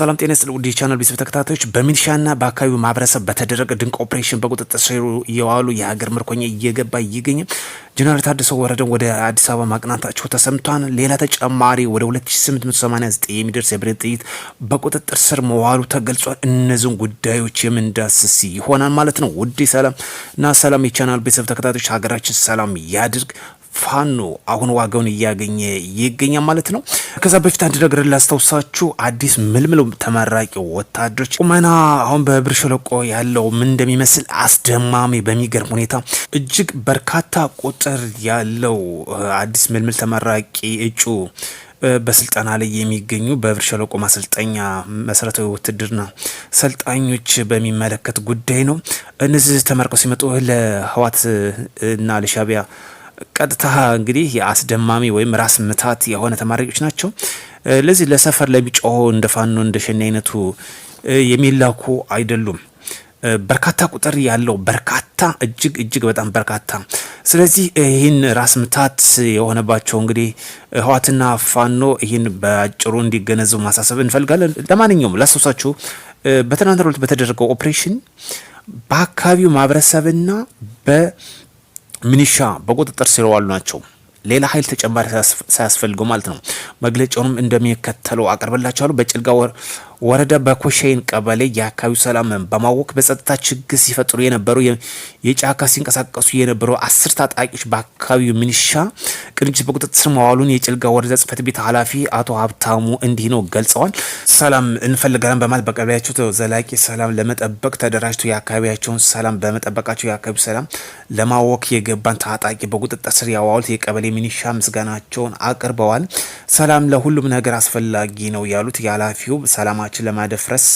ሰላም ጤና ስለ ውድ የቻናል ቤተሰብ ተከታታዮች በሚሊሻና በአካባቢው ማህበረሰብ በተደረገ ድንቅ ኦፕሬሽን በቁጥጥር ስር የዋሉ የሀገር ምርኮኛ እየገባ ይገኛል። ጀነራል ታደሰ ወረደን ወደ አዲስ አበባ ማቅናታቸው ተሰምቷል። ሌላ ተጨማሪ ወደ 2889 የሚደርስ የብረት ጥይት በቁጥጥር ስር መዋሉ ተገልጿል። እነዚህን ጉዳዮች የምንዳስስ ይሆናል ማለት ነው። ውድ ሰላም እና ሰላም የቻናል ቤተሰብ ተከታታዮች ሀገራችን ሰላም ያድርግ። ፋኖ አሁን ዋጋውን እያገኘ ይገኛል ማለት ነው። ከዛ በፊት አንድ ነገር ላስታውሳችሁ፣ አዲስ ምልምል ተመራቂ ወታደሮች ቁመና አሁን በብር ሸለቆ ያለው ምን እንደሚመስል አስደማሚ በሚገርም ሁኔታ እጅግ በርካታ ቁጥር ያለው አዲስ ምልምል ተመራቂ እጩ በስልጠና ላይ የሚገኙ በብር ሸለቆ ማሰልጠኛ መሰረታዊ ውትድርና ሰልጣኞች በሚመለከት ጉዳይ ነው። እነዚህ ተመርቀው ሲመጡ ለህዋት እና ለሻቢያ ቀጥታ እንግዲህ የአስደማሚ ወይም ራስ ምታት የሆነ ተማሪዎች ናቸው። ለዚህ ለሰፈር ለሚጮሆ እንደ ፋኖ እንደ ሸኔ አይነቱ የሚላኩ አይደሉም። በርካታ ቁጥር ያለው በርካታ እጅግ እጅግ በጣም በርካታ። ስለዚህ ይህን ራስ ምታት የሆነባቸው እንግዲህ ህዋትና ፋኖ ይህን በአጭሩ እንዲገነዘቡ ማሳሰብ እንፈልጋለን። ለማንኛውም ላስታውሳችሁ በትናንትናው ዕለት በተደረገው ኦፕሬሽን በአካባቢው ማህበረሰብና ሚኒሻ በቁጥጥር ስር የዋሉ ናቸው። ሌላ ኃይል ተጨማሪ ሳያስፈልገው ማለት ነው። መግለጫውንም እንደሚከተለው አቀርበላችኋለሁ በጭልጋ ወር ወረዳ በኮሻይን ቀበሌ የአካባቢው ሰላምን በማወክ በጸጥታ ችግር ሲፈጥሩ የነበሩ የጫካ ሲንቀሳቀሱ የነበሩ አስር ታጣቂዎች በአካባቢው ሚኒሻ ቅንጅት በቁጥጥር ስር መዋሉን የጭልጋ ወረዳ ጽህፈት ቤት ኃላፊ አቶ ሀብታሙ እንዲህ ነው ገልጸዋል። ሰላም እንፈልጋለን በማለት በቀበሌያቸው ዘላቂ ሰላም ለመጠበቅ ተደራጅቶ የአካባቢያቸውን ሰላም በመጠበቃቸው የአካባቢው ሰላም ለማወክ የገባን ታጣቂ በቁጥጥር ስር ያዋሉት የቀበሌ ሚኒሻ ምስጋናቸውን አቅርበዋል። ሰላም ለሁሉም ነገር አስፈላጊ ነው ያሉት የኃላፊው ሰላማ ሰላማችን ለማደፍረስ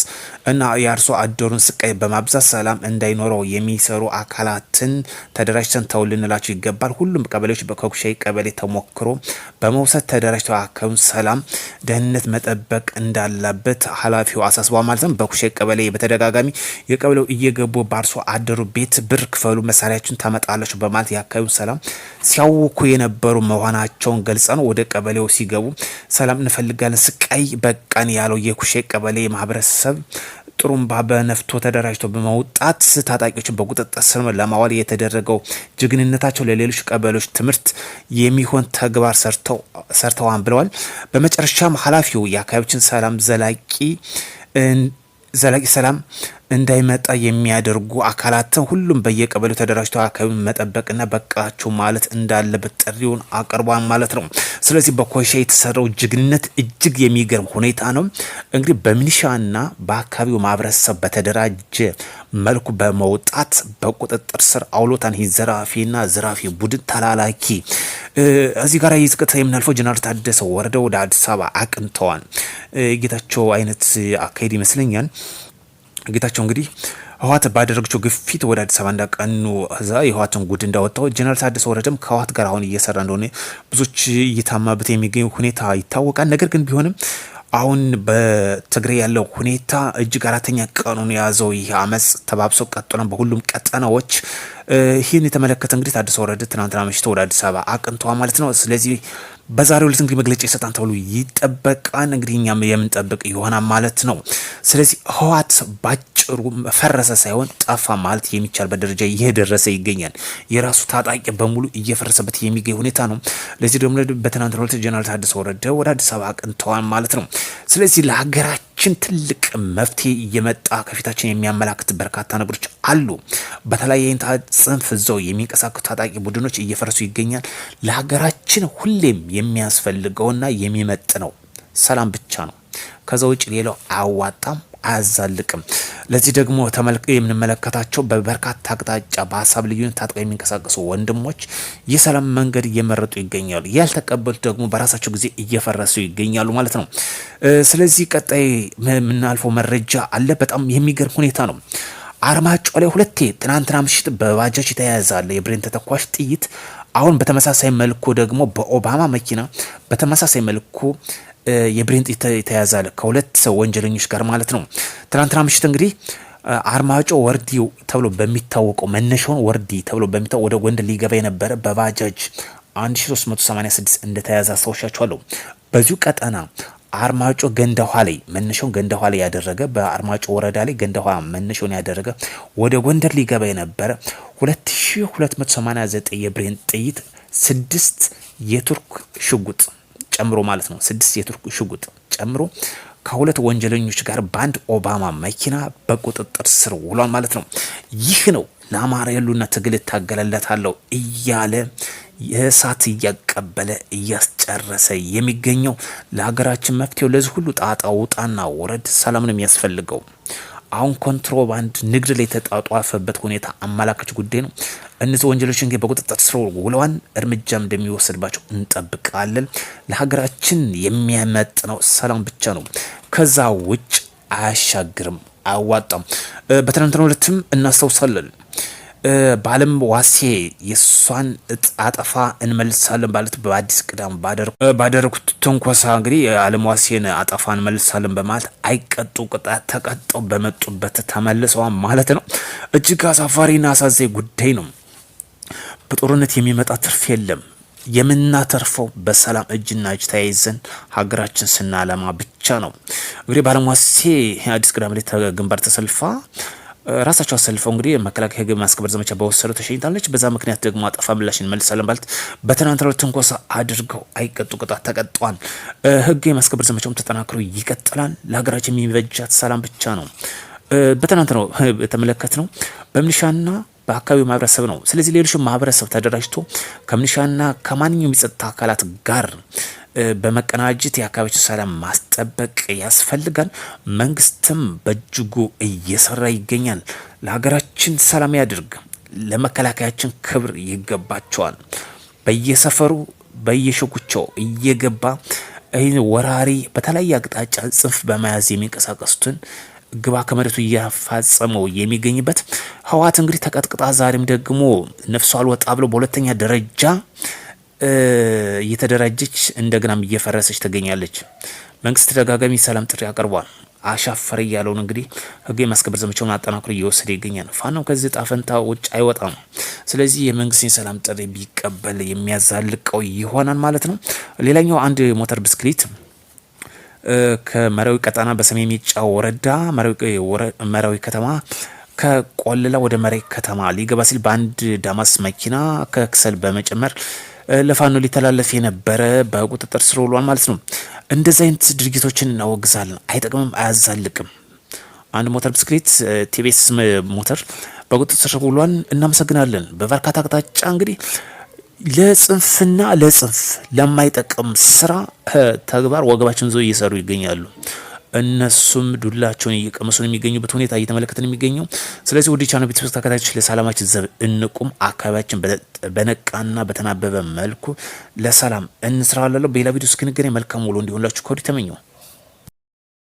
እና የአርሶ አደሩን ስቃይ በማብዛት ሰላም እንዳይኖረው የሚሰሩ አካላትን ተደራጅተን ተው ልንላቸው ይገባል። ሁሉም ቀበሌዎች በኮኩሻይ ቀበሌ ተሞክሮ በመውሰድ ተደራጅተው አካባቢውን ሰላም፣ ደህንነት መጠበቅ እንዳለበት ኃላፊው አሳስቧ ማለት ነው። በኩሻይ ቀበሌ በተደጋጋሚ የቀበሌው እየገቡ በአርሶ አደሩ ቤት ብር ክፈሉ፣ መሳሪያችን ታመጣላችሁ በማለት የአካባቢውን ሰላም ሲያውኩ የነበሩ መሆናቸውን ገልጸ ነው ወደ ቀበሌው ሲገቡ ሰላም እንፈልጋለን ስቃይ በቃን ያለው የኩሻይ ቀበሌ የቀበሌ ማህበረሰብ ጥሩምባ በነፍቶ ተደራጅቶ በመውጣት ታጣቂዎችን በቁጥጥር ስር ለማዋል የተደረገው ጀግንነታቸው ለሌሎች ቀበሌዎች ትምህርት የሚሆን ተግባር ሰርተዋን ብለዋል። በመጨረሻም ኃላፊው የአካባቢዎችን ሰላም ዘላቂ ዘላቂ ሰላም እንዳይመጣ የሚያደርጉ አካላትን ሁሉም በየቀበሌው ተደራጅተው አካባቢ መጠበቅና በቃቸው ማለት እንዳለበት ጥሪውን አቅርቧል ማለት ነው። ስለዚህ በኮሻ የተሰራው ጀግንነት እጅግ የሚገርም ሁኔታ ነው። እንግዲህ በሚኒሻና በአካባቢው ማህበረሰብ በተደራጀ መልኩ በመውጣት በቁጥጥር ስር አውሎታን ዘራፊና ዘራፊ ቡድን ተላላኪ እዚህ ጋር ይዝቅታ የምናልፈው ጀነራል ታደሰ ወረደ ወደ አዲስ አበባ አቅንተዋል። ጌታቸው አይነት አካሄድ ይመስለኛል። ጌታቸው እንግዲህ ህወሓት ባደረገችው ግፊት ወደ አዲስ አበባ እንዳቀኑ እዛ የህወሓትን ጉድ እንዳወጣው ጀነራል ታደሰ ወረደም ከህወሓት ጋር አሁን እየሰራ እንደሆነ ብዙዎች እየታማበት የሚገኝ ሁኔታ ይታወቃል። ነገር ግን ቢሆንም አሁን በትግራይ ያለው ሁኔታ እጅግ አራተኛ ቀኑን የያዘው ይህ አመፅ ተባብሶ ቀጥሏል። በሁሉም ቀጠናዎች ይህን የተመለከተ እንግዲህ ታደሰ ወረደ ትናንትና ምሽቶ ወደ አዲስ አበባ አቅንተዋ ማለት ነው። ስለዚህ በዛሬው ዕለት እንግዲህ መግለጫ ይሰጣን ተብሎ ይጠበቃል። እንግዲህ እኛም የምንጠብቅ ይሆናል ማለት ነው። ስለዚህ ህወሓት ባጭሩ ፈረሰ ሳይሆን ጠፋ ማለት የሚቻልበት ደረጃ እየደረሰ ይገኛል። የራሱ ታጣቂ በሙሉ እየፈረሰበት የሚገኝ ሁኔታ ነው። ለዚህ ደግሞ በትናንትናው ዕለት ጀነራል ታደሰ ወረደ ወደ አዲስ አበባ አቅንተዋል ማለት ነው። ስለዚህ ለሀገራችን ችን ትልቅ መፍትሄ እየመጣ ከፊታችን የሚያመላክት በርካታ ነገሮች አሉ። በተለያየ ይህን ጽንፍ ዘው የሚንቀሳቀሱ ታጣቂ ቡድኖች እየፈረሱ ይገኛል። ለሀገራችን ሁሌም የሚያስፈልገውና የሚመጥ ነው ሰላም ብቻ ነው። ከዛ ውጭ ሌላው አያዋጣም። አያዛልቅም። ለዚህ ደግሞ ተመልክ የምንመለከታቸው በበርካታ አቅጣጫ በሀሳብ ልዩነት ታጥቀው የሚንቀሳቀሱ ወንድሞች የሰላም መንገድ እየመረጡ ይገኛሉ። ያልተቀበሉት ደግሞ በራሳቸው ጊዜ እየፈረሱ ይገኛሉ ማለት ነው። ስለዚህ ቀጣይ የምናልፈው መረጃ አለ። በጣም የሚገርም ሁኔታ ነው። አርማጮ ላይ ሁለቴ ትናንትና ምሽት በባጃጅ የተያያዛለ የብሬን ተተኳሽ ጥይት አሁን በተመሳሳይ መልኩ ደግሞ በኦባማ መኪና በተመሳሳይ መልኩ የብሬን የተያዘ አለ ከሁለት ሰው ወንጀለኞች ጋር ማለት ነው። ትናንትና ምሽት እንግዲህ አርማጮ ወርዲ ተብሎ በሚታወቀው መነሻውን ወርዲ ተብሎ በሚታወቀው ወደ ጎንደር ሊገባ የነበረ በባጃጅ 1386 እንደተያዘ አስታውሻችኋለሁ። በዚሁ ቀጠና አርማጮ ገንደኋ ላይ መነሻውን ገንደኋ ላይ ያደረገ በአርማጮ ወረዳ ላይ ገንደኋ መነሻውን ያደረገ ወደ ጎንደር ሊገባ የነበረ 2289 የብሬን ጥይት ስድስት የቱርክ ሽጉጥ ጨምሮ ማለት ነው ስድስት የቱርክ ሽጉጥ ጨምሮ ከሁለት ወንጀለኞች ጋር በአንድ ኦባማ መኪና በቁጥጥር ስር ውሏል ማለት ነው። ይህ ነው ለአማራ ያሉና ትግል እታገለለታለሁ እያለ የእሳት እያቀበለ እያስጨረሰ የሚገኘው ለሀገራችን መፍትሄው ለዚህ ሁሉ ጣጣ ውጣና ውረድ ሰላምን የሚያስፈልገው። አሁን ኮንትሮባንድ ንግድ ላይ የተጧጧፈበት ሁኔታ አመላካች ጉዳይ ነው። እነዚህ ወንጀሎች እንግዲህ በቁጥጥር ስር ውለዋን እርምጃ እንደሚወሰድባቸው እንጠብቃለን። ለሀገራችን የሚያመጥነው ሰላም ብቻ ነው። ከዛ ውጭ አያሻግርም፣ አያዋጣም። በትናንትናው ዕለትም እናስታውሳለን በአለም ዋሴ የእሷን አጠፋ እንመልሳለን ባለት በአዲስ ቅዳም ባደረጉት ትንኮሳ እንግዲህ የዓለም ዋሴን አጠፋ እንመልሳለን በማለት አይቀጡ ቅጣት ተቀጠው በመጡበት ተመልሰዋል ማለት ነው። እጅግ አሳፋሪና አሳዛኝ ጉዳይ ነው። በጦርነት የሚመጣ ትርፍ የለም። የምናተርፈው በሰላም እጅና እጅ ተያይዘን ሀገራችን ስናለማ ብቻ ነው። እንግዲህ በአለም ዋሴ አዲስ ቅዳም ላይ ግንባር ተሰልፋ ራሳቸው አሰልፈው እንግዲህ መከላከያ ህግ ማስከበር ዘመቻ በወሰዱ ተሸኝታለች። በዛ ምክንያት ደግሞ አጠፋ ምላሽ እንመልሳለን ማለት በትናንትናው ትንኮሳ አድርገው አይቀጡ ቅጣት ተቀጧል። ህግ የማስከበር ዘመቻውም ተጠናክሮ ይቀጥላል። ለሀገራችን የሚበጃት ሰላም ብቻ ነው። በትናንትናው የተመለከት ነው በምንሻና በአካባቢው ማህበረሰብ ነው። ስለዚህ ሌሎች ማህበረሰብ ተደራጅቶ ከምንሻና ከማንኛውም የጸጥታ አካላት ጋር በመቀናጀት የአካባቢ ሰላም ማስጠበቅ ያስፈልጋል። መንግስትም በእጅጉ እየሰራ ይገኛል። ለሀገራችን ሰላም ያድርግ። ለመከላከያችን ክብር ይገባቸዋል። በየሰፈሩ በየሸጉቸው እየገባ ወራሪ በተለያየ አቅጣጫ ጽንፍ በመያዝ የሚንቀሳቀሱትን ግባ ከመሬቱ እያፋጸመው የሚገኝበት ህወሓት እንግዲህ ተቀጥቅጣ ዛሬም ደግሞ ነፍሷ አልወጣ ብሎ በሁለተኛ ደረጃ እየተደራጀች እንደገናም እየፈረሰች ትገኛለች። መንግስት ተደጋጋሚ ሰላም ጥሪ አቅርቧል። አሻፈረ እያለውን እንግዲህ ህግ የማስከበር ዘመቻውን አጠናክሮ እየወሰደ ይገኛል። ፋኖም ከዚህ ጣፈንታ ውጭ አይወጣም። ስለዚህ የመንግስትን የሰላም ጥሪ ቢቀበል የሚያዛልቀው ይሆናል ማለት ነው። ሌላኛው አንድ ሞተር ብስክሌት ከመራዊ ቀጠና በሰሜን ሜጫ ወረዳ መራዊ ከተማ ከቆለላ ወደ መራዊ ከተማ ሊገባ ሲል በአንድ ዳማስ መኪና ከክሰል በመጨመር ለፋኖ ሊተላለፍ የነበረ በቁጥጥር ስር ውሏል ማለት ነው። እንደዚህ አይነት ድርጊቶችን እናወግዛለን። አይጠቅምም፣ አያዛልቅም። አንድ ሞተር ብስክሌት ቲቤስ ሞተር በቁጥጥር ስር ውሏን እናመሰግናለን። በበርካታ አቅጣጫ እንግዲህ ለጽንፍና ለጽንፍ ለማይጠቅም ስራ ተግባር ወገባችን ዞ እየሰሩ ይገኛሉ። እነሱም ዱላቸውን እየቀመሱ ነው የሚገኙበት ሁኔታ እየተመለከተ ነው የሚገኘው። ስለዚህ ወደ ቻናል ቤተሰብ ተከታዮች ለሰላማችን ዘብ እንቁም፣ አካባቢያችን በነቃና በተናበበ መልኩ ለሰላም እንስራላለሁ። በሌላ ቪዲዮ እስክንገናኝ መልካም ውሎ እንዲሆንላችሁ ከወዲህ ተመኘው።